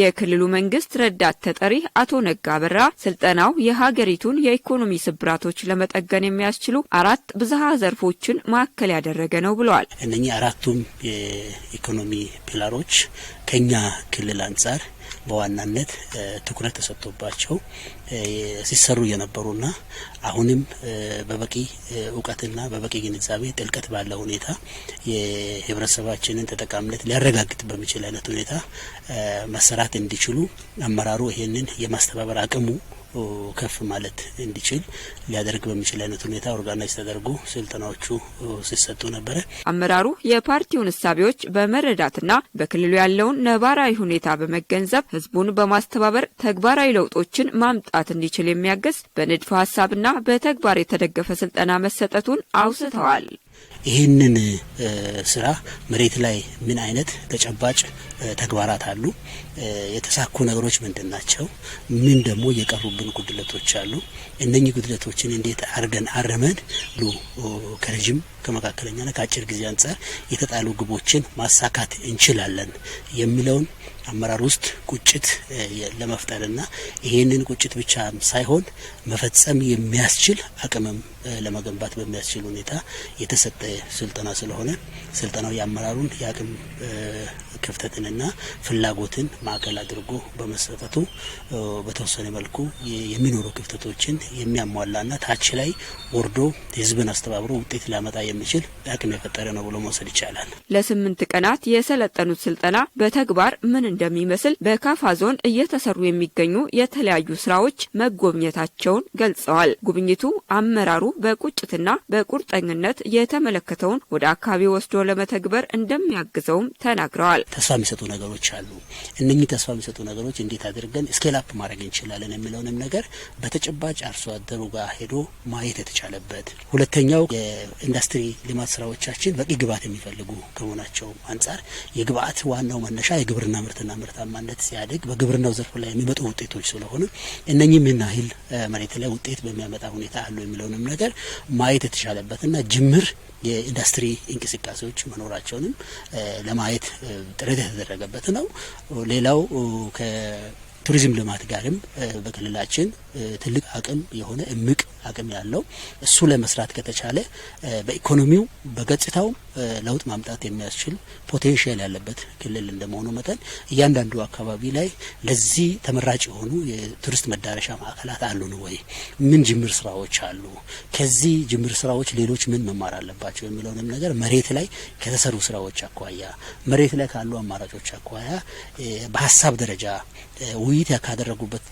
የክልሉ መንግስት ረዳት ተጠሪ አቶ ነጋ በራ ስልጠናው የሀገሪቱን የኢኮኖሚ ስብራቶች ለመጠገን የሚያስችሉ አራት ብዝሃ ዘርፎችን ማዕከል ያደረገ ነው ብለዋል። እነኚህ አራቱም የኢኮኖሚ ፒላሮች ከኛ ክልል አንጻር በዋናነት ትኩረት ተሰጥቶባቸው ሲሰሩ የነበሩና አሁንም በበቂ እውቀትና በበቂ ግንዛቤ ጥልቀት ባለ ሁኔታ የህብረተሰባችንን ተጠቃሚነት ሊያረጋግጥ በሚችል አይነት ሁኔታ መሰራት እንዲችሉ አመራሩ ይሄንን የማስተባበር አቅሙ ከፍ ማለት እንዲችል ሊያደርግ በሚችል አይነት ሁኔታ ኦርጋናይዝ ተደርጎ ስልጠናዎቹ ሲሰጡ ነበረ። አመራሩ የፓርቲውን እሳቤዎች በመረዳትና በክልሉ ያለውን ነባራዊ ሁኔታ በመገንዘብ ህዝቡን በማስተባበር ተግባራዊ ለውጦችን ማምጣት እንዲችል የሚያግዝ በንድፈ ሀሳብና በተግባር የተደገፈ ስልጠና መሰጠቱን አውስተዋል። ይህንን ስራ መሬት ላይ ምን አይነት ተጨባጭ ተግባራት አሉ? የተሳኩ ነገሮች ምንድን ናቸው? ምን ደግሞ የቀሩብን ጉድለቶች አሉ? እነኚህ ጉድለቶችን እንዴት አርገን አረመን ሉ ከረጅም ከመካከለኛና ከአጭር ጊዜ አንጻር የተጣሉ ግቦችን ማሳካት እንችላለን የሚለውን አመራር ውስጥ ቁጭት ለመፍጠርና ይህንን ቁጭት ብቻ ሳይሆን መፈጸም የሚያስችል አቅምም ለመገንባት በሚያስችል ሁኔታ የተሰጠ ስልጠና ስለሆነ ስልጠናው የአመራሩን የአቅም ክፍተትንና ፍላጎትን ማዕከል አድርጎ በመሰጠቱ በተወሰነ መልኩ የሚኖሩ ክፍተቶችን የሚያሟላና ታች ላይ ወርዶ ህዝብን አስተባብሮ ውጤት ሊያመጣ የሚችል አቅም የፈጠረ ነው ብሎ መውሰድ ይቻላል። ለስምንት ቀናት የሰለጠኑት ስልጠና በተግባር ምን እንደሚመስል በካፋ ዞን እየተሰሩ የሚገኙ የተለያዩ ስራዎች መጎብኘታቸውን ገልጸዋል። ጉብኝቱ አመራሩ በቁጭትና በቁርጠኝነት የተመለከተውን ወደ አካባቢ ወስዶ ለመተግበር እንደሚያግዘውም ተናግረዋል። ተስፋ የሚሰጡ ነገሮች አሉ። እነኚህ ተስፋ የሚሰጡ ነገሮች እንዴት አድርገን ስኬላፕ ማድረግ እንችላለን የሚለውንም ነገር በተጨባጭ አርሶ አደሩ ጋር ሄዶ ማየት የተቻለበት፣ ሁለተኛው የኢንዱስትሪ ልማት ስራዎቻችን በቂ ግብዓት የሚፈልጉ ከመሆናቸው አንጻር የግብዓት ዋናው መነሻ የግብርና ምርትና ምርታማነት ሲያድግ በግብርናው ዘርፍ ላይ የሚመጡ ውጤቶች ስለሆኑ እነኚህ ምን ያህል መሬት ላይ ውጤት በሚያመጣ ሁኔታ አሉ የሚለውንም ነገር ነገር ማየት የተቻለበት እና ጅምር የኢንዱስትሪ እንቅስቃሴዎች መኖራቸውንም ለማየት ጥረት የተደረገበት ነው። ሌላው ቱሪዝም ልማት ጋርም በክልላችን ትልቅ አቅም የሆነ እምቅ አቅም ያለው እሱ ለመስራት ከተቻለ በኢኮኖሚው በገጽታው ለውጥ ማምጣት የሚያስችል ፖቴንሽል ያለበት ክልል እንደመሆኑ መጠን እያንዳንዱ አካባቢ ላይ ለዚህ ተመራጭ የሆኑ የቱሪስት መዳረሻ ማዕከላት አሉን ወይ? ምን ጅምር ስራዎች አሉ? ከዚህ ጅምር ስራዎች ሌሎች ምን መማር አለባቸው የሚለውንም ነገር መሬት ላይ ከተሰሩ ስራዎች አኳያ መሬት ላይ ካሉ አማራጮች አኳያ በሀሳብ ደረጃ ውይ ውይይት ካደረጉበት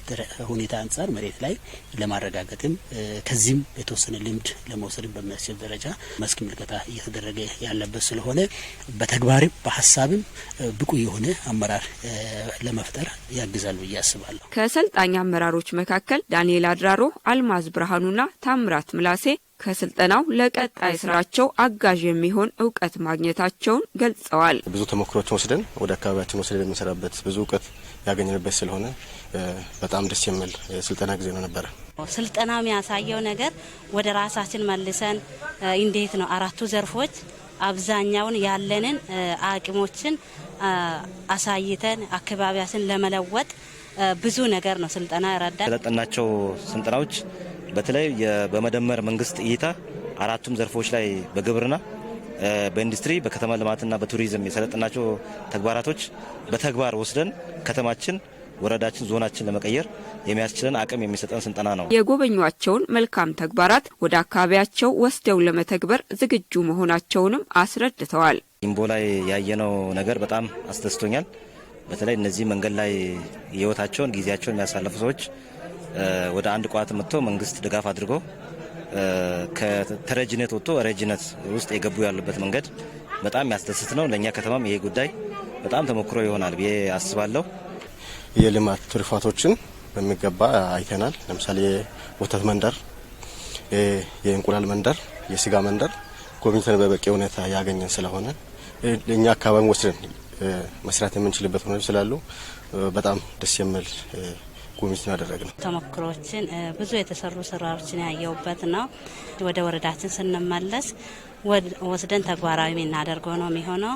ሁኔታ አንጻር መሬት ላይ ለማረጋገጥም ከዚህም የተወሰነ ልምድ ለመውሰድ በሚያስችል ደረጃ መስክ ምልከታ እየተደረገ ያለበት ስለሆነ በተግባርም በሀሳብም ብቁ የሆነ አመራር ለመፍጠር ያግዛል ብዬ አስባለሁ። ከሰልጣኝ አመራሮች መካከል ዳንኤል አድራሮ፣ አልማዝ ብርሃኑና ታምራት ምላሴ ከስልጠናው ለቀጣይ ስራቸው አጋዥ የሚሆን እውቀት ማግኘታቸውን ገልጸዋል። ብዙ ተሞክሮችን ወስደን ወደ አካባቢያችን ወስደን የምንሰራበት ብዙ እውቀት ያገኘንበት ስለሆነ በጣም ደስ የሚል ስልጠና ጊዜ ነው ነበረ። ስልጠናው የሚያሳየው ነገር ወደ ራሳችን መልሰን እንዴት ነው አራቱ ዘርፎች አብዛኛውን ያለንን አቅሞችን አሳይተን አካባቢያችን ለመለወጥ ብዙ ነገር ነው ስልጠና ያረዳል። የሰለጠናቸው ስልጠናዎች በተለይ በመደመር መንግስት እይታ አራቱም ዘርፎች ላይ በግብርና በኢንዱስትሪ በከተማ ልማትና በቱሪዝም የሰለጠናቸው ተግባራቶች በተግባር ወስደን ከተማችን ወረዳችን ዞናችን ለመቀየር የሚያስችለን አቅም የሚሰጠን ስልጠና ነው። የጎበኟቸውን መልካም ተግባራት ወደ አካባቢያቸው ወስደው ለመተግበር ዝግጁ መሆናቸውንም አስረድተዋል። ኢምቦ ላይ ያየነው ነገር በጣም አስደስቶኛል። በተለይ እነዚህ መንገድ ላይ ህይወታቸውን ጊዜያቸውን የሚያሳልፉ ሰዎች ወደ አንድ ቋት መጥቶ መንግስት ድጋፍ አድርጎ ከተረጅነት ወጥቶ ረጅነት ውስጥ የገቡ ያሉበት መንገድ በጣም ያስደስት ነው። ለእኛ ከተማም ይሄ ጉዳይ በጣም ተሞክሮ ይሆናል ብዬ አስባለሁ። የልማት ትሩፋቶችን በሚገባ አይተናል። ለምሳሌ የወተት መንደር፣ የእንቁላል መንደር፣ የስጋ መንደር ጎብኝተን በበቂ ሁኔታ ያገኘን ስለሆነ ለእኛ አካባቢ ወስደን መስራት የምንችልበት ሁኔታ ስላሉ በጣም ደስ የሚል ኮሚሽን ያደረግ ነው። ተሞክሮችን ብዙ የተሰሩ ስራዎችን ያየውበት ነው። ወደ ወረዳችን ስንመለስ ወስደን ተግባራዊ የምናደርገው ነው የሚሆነው።